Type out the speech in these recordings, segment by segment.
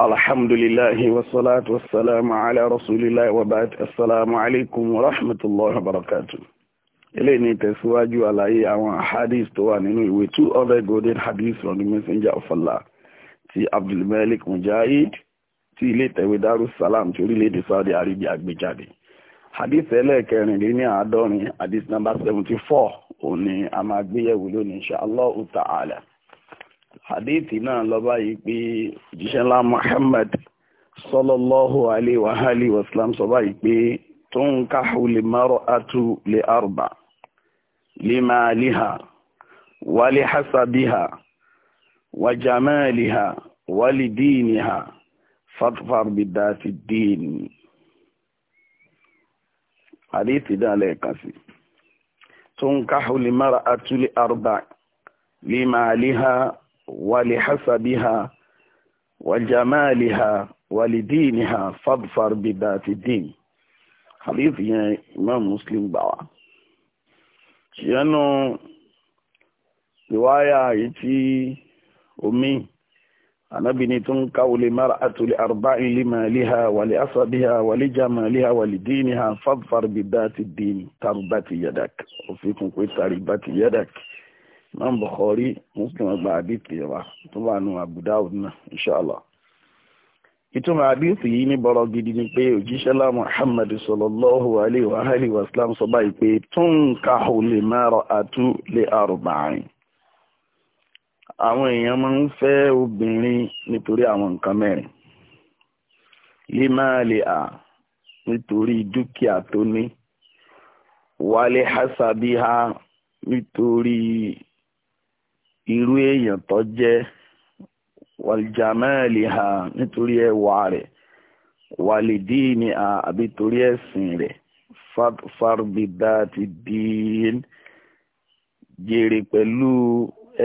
alhamdulillahi wasalaatu wasalaamu ala rasulillahi wabaat asalaamu alaykum wa rahmatulahi wa barakatu. ilé ní tẹ̀síwájú àlàyé àwọn hadith tó wà nínú ìwé two other golden hadith from the messenger of allah ti abdulmalik mujahid ti ilé ìtẹ̀wé darussalam ti orílẹ̀-èdè saudi arabia gbé jáde hadith ẹlẹ́ẹ̀kẹrin lé ní àádọ́rin hadith number seventy four òní a máa gbéyẹ̀wò lónìí insha allah ta'ala hadithi náà lọ báyìí pé jíṣẹ́ ńlá muhammad sallallahu alayhi wa alihi wa sallam sọ báyìí pé tunkahu li mar'atu li arba li maliha wa li hasabiha wa jamaliha wa li diniha fatfar bidati din hadithi náà lẹ́ẹ̀kan sí tunkahu li mar'atu li arba li maliha ولحسبها وجمالها ولدينها فاظفر بذات الدين حديث يا إمام مسلم بوا شنو رواية يتي أمي anabi ni tun kawule mar'atu li arba'in limaliha wa li asabiha wa li jamaliha wa li diniha fadfar bi dati din tarbati yadak o fi kun ko tarbati yadak imam bukhari muslim gba àdìsí wa tó wà nù abu dawud náà inshallah ìtumọ̀ àdìsí yìí ní bọ̀rọ̀ gidi ni pé òjíṣẹ́lá muhammad sallallahu alayhi wa alihi wa sallam sọ báyìí pé tunkahu limar'atu li arba'in àwọn èèyàn máa ń fẹ́ obìnrin nítorí àwọn nǹkan mẹ́rin limali a nítorí dúkìá tó ní wálé hasabiha nítorí irú èèyàn tó jẹ́ wàlìjàmẹ́ẹ̀lì ha nítorí ẹwà rẹ̀ wàlìdíìní ha àbí torí ẹ̀sìn rẹ̀ farbida ti dín jèrè pẹ̀lú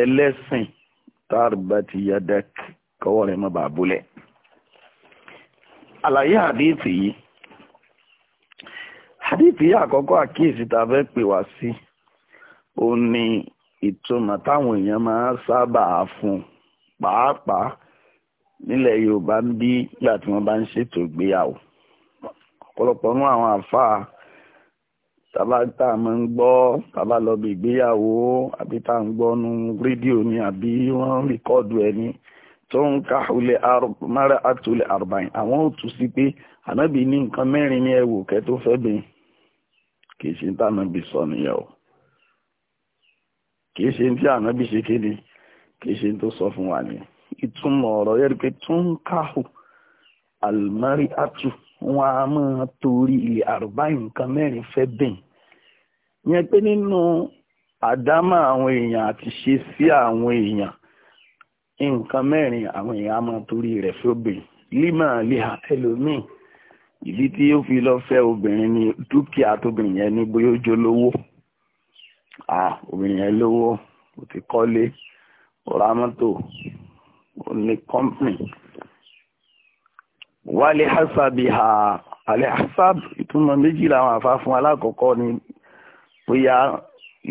ẹlẹ́sìn tàrbà ti yadak kọ́wọ́ rẹ̀ mọ́ bàbúlẹ̀ àlàyé hadithi yìí hadithi yìí àkọ́kọ́ àkíyèsí ta fẹ́ pè wá sí òun ni ìtumọ̀ táwọn èèyàn máa ń sábà fún pàápàá nílẹ̀ yorùbá ń bí nígbà tí wọ́n bá ń ṣètò ìgbéyàwó ọ̀pọ̀lọpọ̀ nú àwọn àfáà tàbá tá a máa ń gbọ́ tàbá lọ bí ìgbéyàwó àbí tá a ń gbọ́ nu rédíò ni àbí wọ́n rìkọ́ọ̀dù ẹni tó ń ká ulẹ̀ mara àtúlẹ̀ àrùbáyìn àwọn ò tù sí pé ànábì ní nǹkan mẹ́rin ní ẹ̀wò kẹ́ tó fẹ́ bẹ́ẹ̀ kì í ṣe tànàbì sọ nìyẹn o kìí ṣe tí ànábì ṣe kéde kìí ṣe tó sọ fún wa ni ìtumọ̀ ọ̀rọ̀ yẹ́rì pé túnkáhù almari atu wọn a máa torí ilẹ̀ àrùbáyìn nǹkan mẹ́rin fẹ́ bẹ́ẹ̀ yẹn pé nínú àdámà àwọn èèyàn àti ṣe sí àwọn èèyàn nǹkan mẹ́rin àwọn èèyàn a máa torí rẹ̀ fẹ́ bẹ́ẹ̀ lima liha ẹlòmíì ìdí tí ó fi lọ fẹ́ obìnrin ni dúkìá tóbìnrin yẹn ní bóyá ó jólówó obìnrin yẹn lówó ó ti kọ́lé ó ra mọ́tò ó ní kọ́mpìn wálé hasabi ha alẹ́ hasab ìtumọ̀ méjì làwọn àfa fún alákọ̀ọ́kọ́ ni bóyá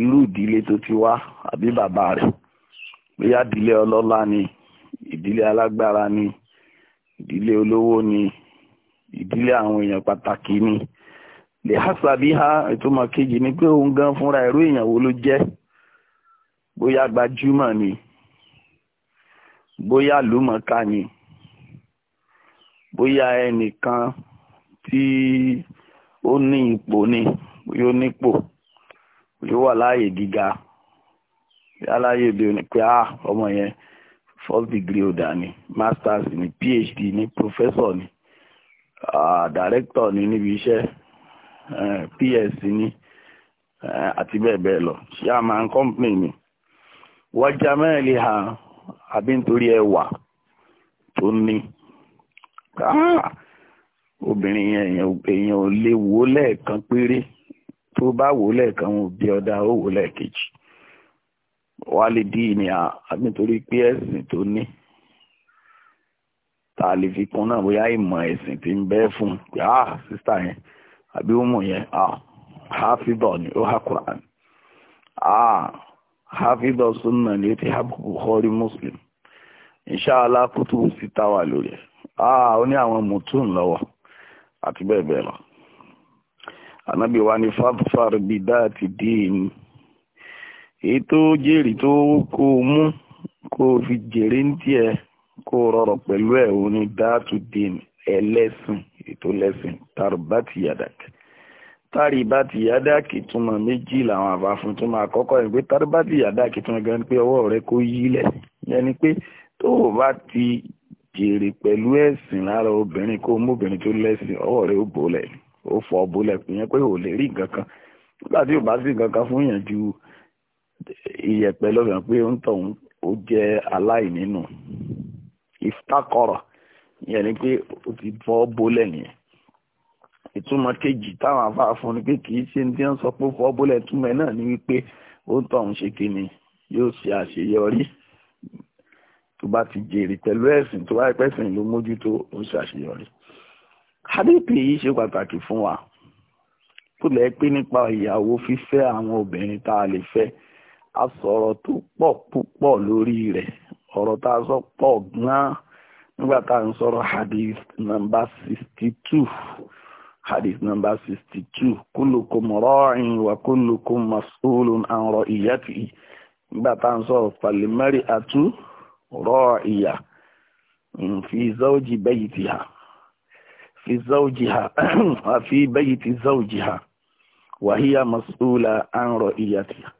irú ìdílé tó ti wá àbí bàbá rẹ̀ bóyá ìdílé ọlọ́lá ni ìdílé alágbára ni ìdílé olówó ni ìdílé àwọn èèyàn pàtàkì ni lè hásábí ha ìtumọ̀ kejì ni pé òun gan fúnra ẹ̀rú èèyàn wo ló jẹ́ bóyá gbajúmọ̀ ni bóyá lùmọ̀ọ́ká ni bóyá ẹnìkan tí ó ní ipò ni bóyá ó nípò bóyá wà láàyè gíga bóyá láàyè bí oní pé ah ọmọ yẹn first degree ọ̀dà ni masters ni phd ni professor ni ah, director ni níbi iṣẹ́ ps ni ati eh, bẹ́ẹ̀ bẹ́ẹ̀ lọ chairman company ni wájà mẹ́rin lè ha àbí nítorí ẹwà tó ní ah, obìnrin yẹn èèyàn ò lè wò lẹ́ẹ̀kan péré tó bá wò lẹ́ẹ̀kan wọn ò bí ọ̀dà ó wò lẹ́ẹ̀kejì wà lè dí ní àbí nítorí pé ẹ̀sìn tó ní ta lè fi kún náà bóyá ìmọ̀ ẹ̀sìn ti ń bẹ fún pé ah sísá yẹn abi ụmụ ya yẹn hafidọ̀ ni ó ha quran sunna ni muslim inshallah kútùbù síta wà lori ẹ̀ ó awọn àwọn mùtún ati àti lọ ànábì wa ni fàfàr bí dáàtì dín èyí tó kó mú kó fi ń ni ètò lẹ́sìn tari bá ti yádáàkì túmọ̀ méjì làwọn àbá fún túmọ̀ àkọ́kọ́ ẹ̀ pé tari bá ti yádáàkì túmọ̀ gan ni pé ọwọ́ rẹ kó yílẹ̀ yẹn ni pé tó o bá ti jèrè pẹ̀lú ẹ̀sìn lára obìnrin kó o mú obìnrin tó lẹ́sìn ọwọ́ rẹ ó bòlẹ̀ ó fọ bòlẹ̀ yẹn pé ò lè rí nǹkan kan nígbà tí ò bá sí nǹkan kan fún yàn ju iyẹ̀pẹ̀ lọ́gàn pé ó ń tọ̀hún ó jẹ́ aláìnínú ìftakọ̀rọ̀ yẹn ni pé ó ti fọ́ bòlẹ̀ nìyẹn ìtumọ̀ kejì táwọn afá fún ni pé kìí ṣe ní tí wọ́n sọ pé fọ́ bólẹ̀ túmọ̀ náà ni wípé ó ń tọ̀hún ṣe kí ni yóò ṣe àṣeyọrí tó bá ti jèrè pẹ̀lú ẹ̀sìn tó wáyé pẹ́sìn ló mójútó ó ṣe àṣeyọrí. hadithi yìí ṣe pàtàkì fún wa kó lẹ́ pé nípa ìyàwó fífẹ́ àwọn obìnrin tá a lè fẹ́ a sọ̀rọ̀ tó pọ̀ púpọ̀ lórí rẹ̀ ọ̀rọ̀ tá a sọ pọ̀ gan-an nígbà tá a ń sọ̀rọ̀ hadith number sixty two. hadith number 62 kullukum ra'in wa kullukum mas'ulun an ra'iyatihi nígbà tá à ń sọ falimari atu ra'iya fi zawji baytiha fi zawjiha wa fi bayti zawjiha wa hiya mas'ula an ra'iyatiha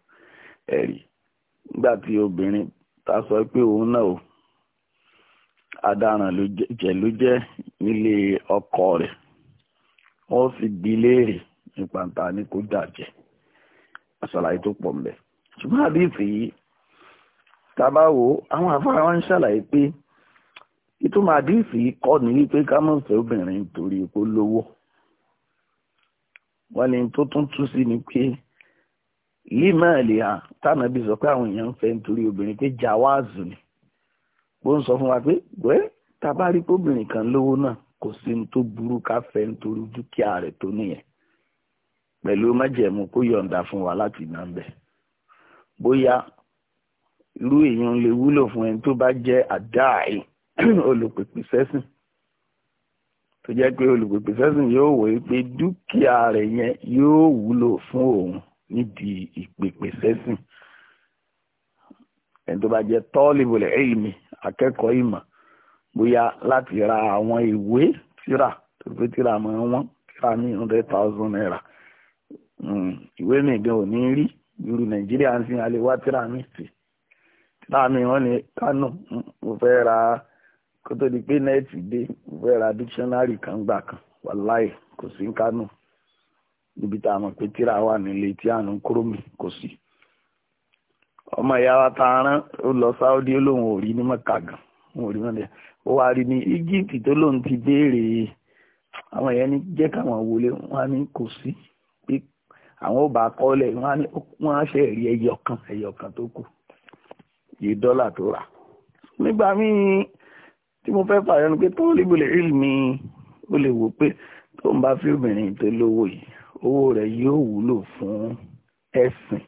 ẹ̀rí nígbà tí obìnrin ta sọ pe òun náà o adaràn ló jẹ́ nílé ọkọ rẹ̀ wọ́n sì bi léèrè nípa ta ni kò jàjẹ́ àṣàlàyé tó pọ̀ mbẹ́ ṣùgbọ́n àdìsí yìí tàbá wo àwọn àfáà ń ṣàlàyé pé ìtumọ̀ àdìsí yìí kọ́ ni wípé ká mọ̀ fẹ́ obìnrin nítorí kó lówó wọ́n ní tó tún tú sí ni pé límọ̀ọ́lì hàn tánà bí sọ pé àwọn èèyàn ń fẹ́ nítorí obìnrin pé jàwáàzù ni bó ń sọ fún wa pé wẹ́ tàbá rí obìnrin kan lówó náà kò sí ní tó burú ká fẹ́ nítorí dúkìá rẹ̀ tó nìyẹn pẹ̀lú májẹ̀mú kó yọ̀ǹda fún wa láti ná bẹ̀ bóyá irú èèyàn lè wúlò fún ẹni tó bá jẹ́ àdáàì olùpèpè sẹ́sìn tó jẹ́ pé olùpèpè sẹ́sìn yóò wò ó pé dúkìá rẹ̀ yẹn yóò wúlò fún òun nídìí ìpèpè sẹ́sìn ẹni tó bá jẹ́ tọ́ọ̀lì wòlẹ̀ ẹ̀yìn mi akẹ́kọ̀ọ́ ìmọ̀ bóyá láti ra àwọn ìwé tíra tó fi tíra mọ́ wọn tíra ní hundred thousand naira hmm, ìwé mi gan ò ní rí irú nàìjíríà ń sin alẹ́ wá tíra mi sí tíra mi wọ́n ní kánò hmm, mo fẹ́ ra kó tó di pé nẹ́ẹ̀tì dé mo fẹ́ ra dictionary kan gbà kan wàláì kò sí kánò níbi tá a mọ̀ pé tíra wà nílé tí àánú kúrò mi kò sí ọmọ ìyá wa ta rán ó lọ sáúdí ó lóun ò rí ní mọ́kà gan wọn ò rí wọn bẹ́ẹ̀ ó wá rí ní Egypt tó lóun ti béèrè àwọn èèyàn ní jẹ́ káwọn wọlé wọn á ní kò sí pé àwọn ò bá kọ́lẹ̀ wọn á ṣe rí ẹyọ kan ẹyọ kan tó kù yìí dọ́là tó rà nígbà míì tí mo fẹ́ fààyàn ni pé tó lè bolè rí mi ó lè wò pé tó ń bá fi obìnrin tó lówó yìí owó rẹ̀ yóò wúlò fún ẹ̀sìn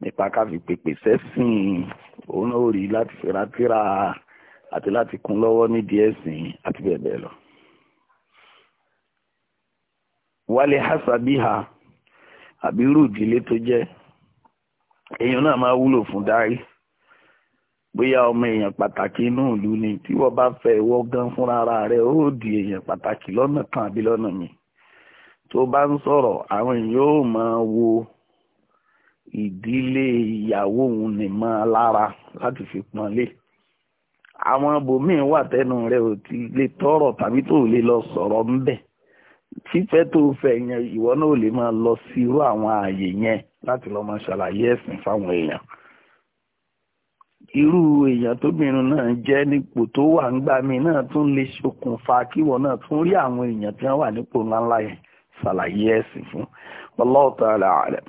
nípa ká pèpè sẹ́sìn òun ó rí láti fi ra tíra àti láti kún lọ́wọ́ nídìí ẹ̀sìn àti bẹ́ẹ̀ bẹ́ẹ̀ lọ. wálé hasabiha àbí irú ìdílé tó jẹ́ èèyàn náà máa wúlò fún dárí bóyá ọmọ èèyàn pàtàkì inú ìlú ni tí wọ́n bá fẹ́ ìwọ gan fúnra ara rẹ̀ ó di èèyàn pàtàkì lọ́nà kan àbí lọ́nà mi tó bá ń sọ̀rọ̀ àwọn èèyàn ó máa wo ìdílé ìyàwó òun nìmọ̀ lára láti fi pọ́nlé. La àwọn bòmíì wà tẹnu rẹ ò ti lè tọrọ tàbí tó lè lọ sọrọ ńbẹ̀ fífẹ́ tó fẹ́ yẹn ìwọ náà ò lè máa lọ sí irú àwọn ààyè yẹn láti lọ máa ṣàlàyé ẹ̀sìn fáwọn èèyàn irú èèyàn tóbìnrin náà jẹ́ nípò tó wà ń gbà mí náà tún lè ṣokùnfà kíwọ náà tún rí àwọn èèyàn tí wọ́n wà nípò ńláńlá yẹn ṣàlàyé ẹ̀sìn fún ọlọ́ọ̀tà wallahu ta'ala a'lam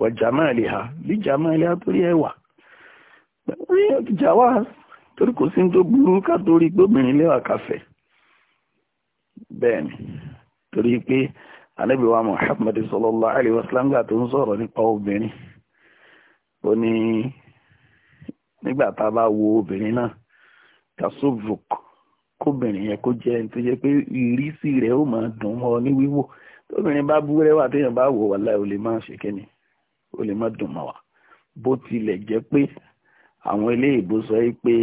wa jamaliha bí jamaliha torí ẹwà jawaz torí kò sí tó burú ká torí pé obìnrin lẹ́wà káfẹ́ bẹ́ẹ̀ ni torí pé Ànábì wa Muhammad sallallahu alaihi wasallam gbà tó ń sọ̀rọ̀ nípa obìnrin ó ní nígbà tá a bá wo obìnrin náà kasovok kóbìnrin yẹn kó jẹ́ ẹni tó jẹ́ pé ìrísí rẹ̀ ó máa dùn mọ́ ní wíwò tóbìnrin bá bú rẹwà téèyàn bá wò wà láì ó lè máa ṣe kẹ́ni ó lè má dùn mọ́ wa bó tilẹ̀ jẹ́ pé àwọn eléyìíbó sọ pé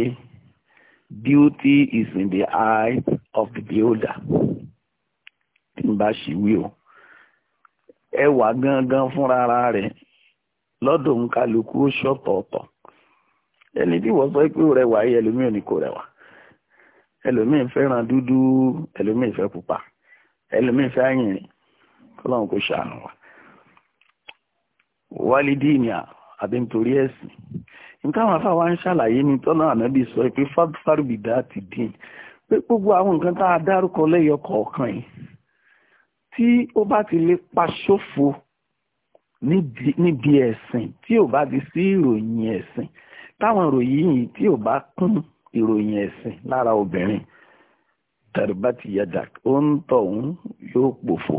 beauty is in the eye of the beholder tí n bá ṣì wí o ẹwà gangan fúnra rẹ̀ lọ́dọ̀ nkálukú ṣọ̀tọ̀ọ̀tọ̀ ẹni tí wọ́n sọ pé rẹwà yìí ẹlòmíì ò ní kò rẹwà ẹlòmíì fẹ́ràn dúdú ẹlòmíì fẹ́ pupa ẹlòmíì fẹ́ àyìnrìn kọ́lọ́run kò ṣàánú wa wálídìí ni àbí nítorí ẹ̀sìn nǹkan àwọn afáwa ń ṣàlàyé ní tọ́lá ànábì sọ pé fárúbìdá ti dín pé gbogbo àwọn nǹkan tá a dárúkọ lẹ́yọ kọ̀ọ̀kan yìí tí ó bá ti lè pa ṣòfò níbi ẹ̀sìn tí ò bá ti sí ìròyìn ẹ̀sìn táwọn ìròyìn yìí tí ò bá kún ìròyìn ẹ̀sìn lára obìnrin tẹ̀rìbátì yàjà ó ń tọ̀hún yóò pòfò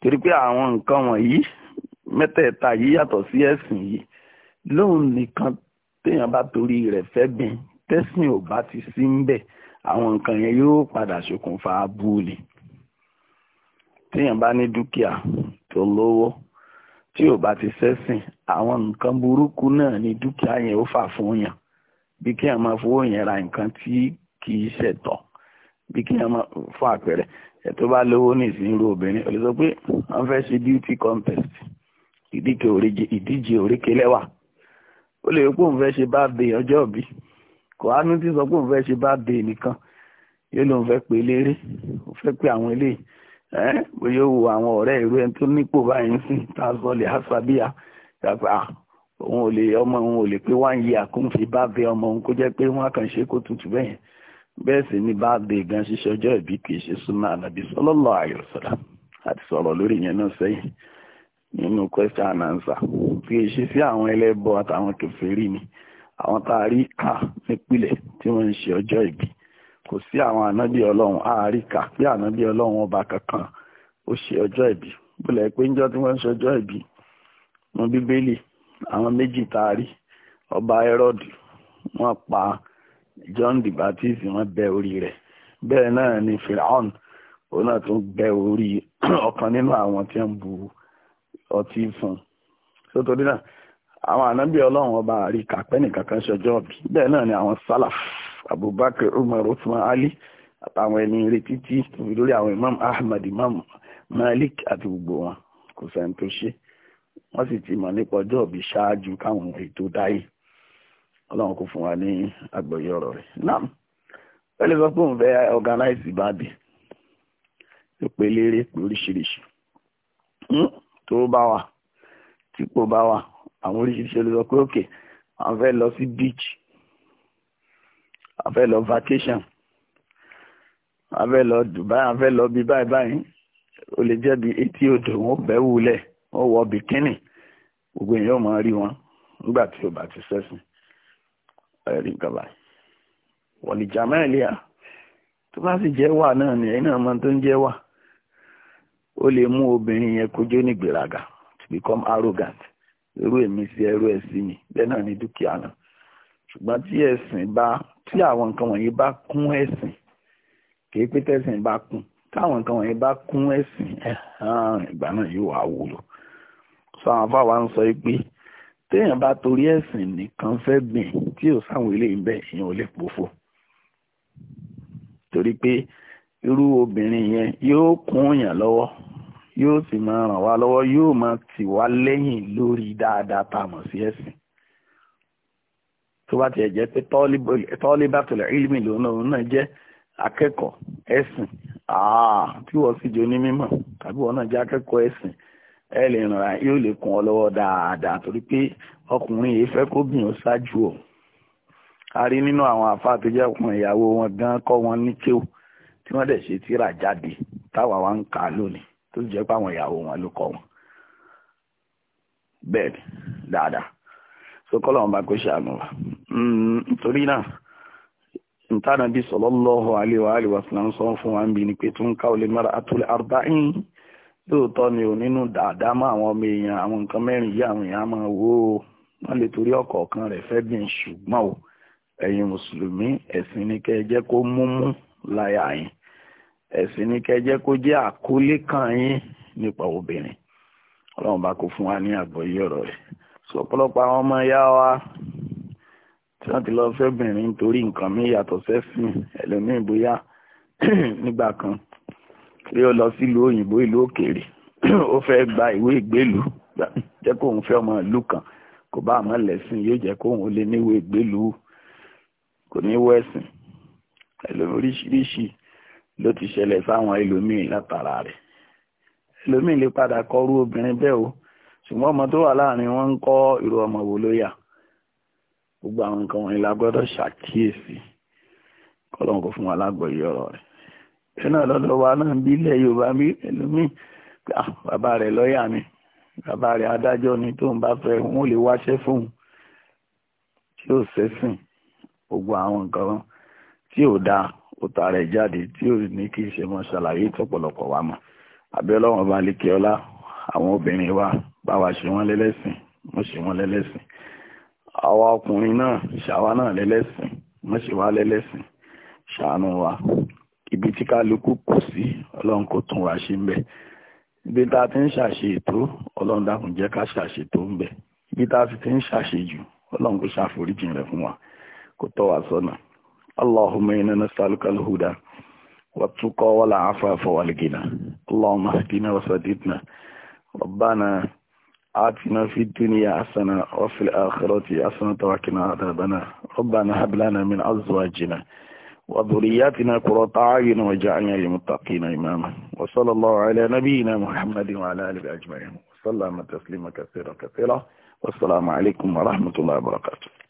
torí pé àwọn nǹkan wọ̀nyí mẹ́tẹ̀ẹ̀ta yìí yàtọ̀ sí ẹ̀sìn yìí lóun nìkan téèyàn bá torí rẹ̀ fẹ́ gbìn tẹ́sìn ò bá ti sí ń bẹ̀ àwọn nǹkan yẹn yóò padà ṣokùnfà abúlé téèyàn bá ní dúkìá tó lówó tí ò bá ti sẹ́sìn àwọn nǹkan burúkú náà ni dúkìá yẹn ó fà fún yàn bí kí èèyàn máa fowó yẹn ra nǹkan tí kì í bí kí èèyàn máa fún àpẹẹrẹ ẹ̀ bá lówó ní ìsinrú obìnrin ò lè sọ pé wọ́n fẹ́ ṣe beauty contest ìdíje òrékelẹ́wà ó lè pé òun fẹ́ ṣe birthday ọjọ́ ìbí kò ánú tí sọ pé òun fẹ́ ṣe birthday nìkan yóò lóun fẹ́ pe eléré ó fẹ́ pe àwọn eléyìí ẹ́ bóyá ó wo àwọn ọ̀rẹ́ ìrú ẹni tó nípò báyìí sí tá sọ lè hasabiya yàtọ̀ à òun ò lè ọmọ òun ò lè pé one year kó ń fi birthday ọmọ òun kó jẹ́ pé wọ́n kàn ṣe kó tutù bẹ́yẹn bẹ́ẹ̀ sì ni birthday gan ṣíṣe ọjọ́ ìbí kì í ṣe súnmọ́ àlàbí sallallahu alaihi wasallam àti sọ̀rọ̀ lórí yẹn náà sẹ́yìn nínú question and answer fi èṣe sí àwọn ẹlẹ́bọ àtàwọn kèfèrí ni àwọn tá a rí kà nípìlẹ̀ tí wọ́n ń ṣe ọjọ́ ìbí kò sí àwọn ànábì ọlọ́run àárí kà pé ànábì ọlọ́run ọba kankan ó ṣe ọjọ́ ìbí bólẹ̀ pé níjọ́ tí wọ́n ń ṣe ọjọ́ ìbí wọn bíbélì àwọn méjì tá a rí ọba herod wọ́n pa john the baptist wọ́n bẹ́ orí rẹ̀ bẹ́ẹ̀ náà ni firaun òun náà tún bẹ́ orí ọ̀kan nínú àwọn tí wọ́n bu ọtí fún so torí náà àwọn ànábì ọlọ́run ọba àrí kàpẹ́ nìkankan ṣọjọ́ bí bẹ́ẹ̀ náà ni àwọn salaf abubakar umar usman ali àtàwọn ẹni retí tí lórí àwọn imam ahmad imam malik àti gbogbo wọn kò sẹ́ni tó ṣe wọ́n sì ti mọ̀ nípa ọjọ́ òbí ṣáájú káwọn ètò dáyé ọlọ́run kò fún wa ní àgbọ́yé ọ̀rọ̀ rẹ̀ náà wọ́n lè sọ pé òun fẹ́ organize ìbàdí ìpele eré pé oríṣiríṣi hmm? tó bá wà típò bá wà àwọn oríṣiríṣi olùsọ pé òkè à fẹ́ lọ sí beach à fẹ́ lọ vacation à ń fẹ́ lọ Dubai à ń fẹ́ lọ bí báyìí báyìí ó lè jẹ́ bí etí odò wọn bẹ́ wulẹ̀ wọn wọ bikini gbogbo èèyàn máa rí wọn nígbà tí o bá ti sẹ́sìn ẹ̀rí nǹkan báyìí wọ̀lì jàmáìlì à tó bá sì jẹ́ wà náà ni ẹ̀yin náà mọ tó ń jẹ́ wà ó lè mú obìnrin yẹn kójó ní gbèrágà to become arrogant irú èmi sí ẹrú ẹ sí mi bẹ́ẹ̀ náà ni dúkìá náà ṣùgbọ́n tí ẹ̀sìn bá tí àwọn nǹkan wọ̀nyí bá kún ẹ̀sìn kìí pé tẹ̀sìn bá kún táwọn nǹkan wọ̀nyí bá kún ẹ̀sìn ìgbà náà yóò wá wúlò sọ àwọn afáwa ń sọ pé téèyàn bá torí ẹ̀sìn nìkan fẹ́ gbìn tí ò sáwọn eléyìí bẹ́ẹ̀ èèyàn ò lè pòfo torí pé irú obìnrin yẹn yóò kún yàn lọ́wọ́ yóò sì máa ràn wá lọ́wọ́ yóò máa tì wá lẹ́yìn lórí dáadáa tá a mọ̀ sí ẹ̀sìn tó bá tiẹ̀ jẹ́ pé tọ́lé bàtọ̀lẹ̀ ìlmi lòun náà jẹ́ akẹ́kọ̀ọ́ ẹ̀sìn tí wọ́n sì jẹ́ onímọ̀ tàbí wọ́n náà jẹ́ akẹ́kọ̀ọ́ ẹ̀sìn lè ràn yóò lè ọ lọ́wọ́ dáadáa torí pé ọkùnrin yìí fẹ́ ó ṣáájú ọ a rí nínú àwọn àfáà tó jẹ́ gan kọ́ wọn ní tí wọ́n dẹ̀ ṣe tíra jáde táwa wa ń kà á lónìí tó jẹ́ àwọn ìyàwó wọn ló kọ wọn bẹ́ẹ̀ dáadáa so kọ́lọ̀ wọn bá kó ṣàánú wa mm, nítorí náà ntana bí sallallahu fún wa ń bi ni mara àtúlẹ̀ lóòótọ́ ni ò nínú dáadáa mọ́ àwọn ọmọ èèyàn àwọn nǹkan mẹ́rin yìí àwọn èèyàn máa wọ́n lè torí rẹ̀ fẹ́ bí ṣùgbọ́n o ẹ̀yin mùsùlùmí ẹ̀sìn ni kẹ́ ẹ jẹ́ kó múmú ẹ̀sìn ní kẹjẹ́ kó jẹ́ àkólé kan yín nípa obìnrin ọlọ́run bá kó fún wa ní àgbọ́yé ọ̀rọ̀ rẹ̀ sọ ọ̀pọ̀lọpọ̀ àwọn ọmọ ìyá wa tí wọ́n ti lọ fẹ́bìnrin nítorí nǹkan mi yàtọ̀ sẹ́sìn ẹlòmíì bóyá nígbà kan rí ó lọ sílùú òyìnbó ìlú òkèèrè ó fẹ́ gba ìwé ìgbélú jẹ́ kóun fẹ́ ọmọ ìlú kan kò bá àmọ́ lẹ́sìn yóò jẹ́ kóun ó lé níwèé ìgbélú kò ní wẹ́sìn ẹlòmíì oríṣiríṣi ló ti ṣẹlẹ̀ sáwọn ẹlòmíì látara rẹ̀ ẹlòmíì lè padà kọrú obìnrin bẹ́ẹ̀ o ṣùgbọ́n ọmọ tó wà láàrin wọn ń kọ́ irú ọmọ wo ló yà gbogbo àwọn nǹkan wọ̀nyí la gbọ́dọ̀ ṣàkíyèsí kọ́lọ́n kò fún wa lágbọ̀ọ́yé ọ̀rọ̀ rẹ̀ ẹ náà lọ́dọ̀ wa náà bí ilẹ̀ Yorùbá bí ẹlòmíì ah, bàbá rẹ̀ lọ́ọ̀yà ni bàbá rẹ̀ adájọ́ ni tó ń bá fẹ́ wọn ò lè wáṣẹ́ fóun tí ó ṣẹ́sìn gbogbo àwọn nǹkan tí ò dáa ó tààrẹ jáde tí ò ní kí ṣe mọ́ ṣàlàyé tọ̀pọ̀lọpọ̀ wa mọ̀ abẹ́ọ́lọ́wọ́n bá lè kí ọlá àwọn obìnrin wa bá wa ṣe wọ́n lẹ́lẹ́sìn wọ́n ṣe wọ́n lẹ́lẹ́sìn àwa ọkùnrin náà ṣàwa náà lẹ́lẹ́sìn wọ́n ṣe wá lẹ́lẹ́sìn ṣàánú wa ibi tí kálukú kù sí ọlọ́run kò tún wá ṣe ń ibi tá a ti ń ṣàṣe ètò ọlọ́run dákun jẹ́ ká ṣàṣe tó ibi tá a ti ń ṣàṣe jù ọlọ́run kò ṣàforíjìn rẹ̀ fún wa kó tọ́ wa sọ́nà اللهم إنا نسألك الهدى والتقى والعفاف والغنى اللهم اهدنا وسددنا ربنا آتنا في الدنيا حسنة وفي الآخرة حسنة وقنا عذابنا ربنا هب لنا من أزواجنا وذرياتنا قرة أعين واجعلنا للمتقين إماما وصلى الله على نبينا محمد وعلى آله أجمعين وسلم تسليما كثيرا كثيرا والسلام عليكم ورحمة الله وبركاته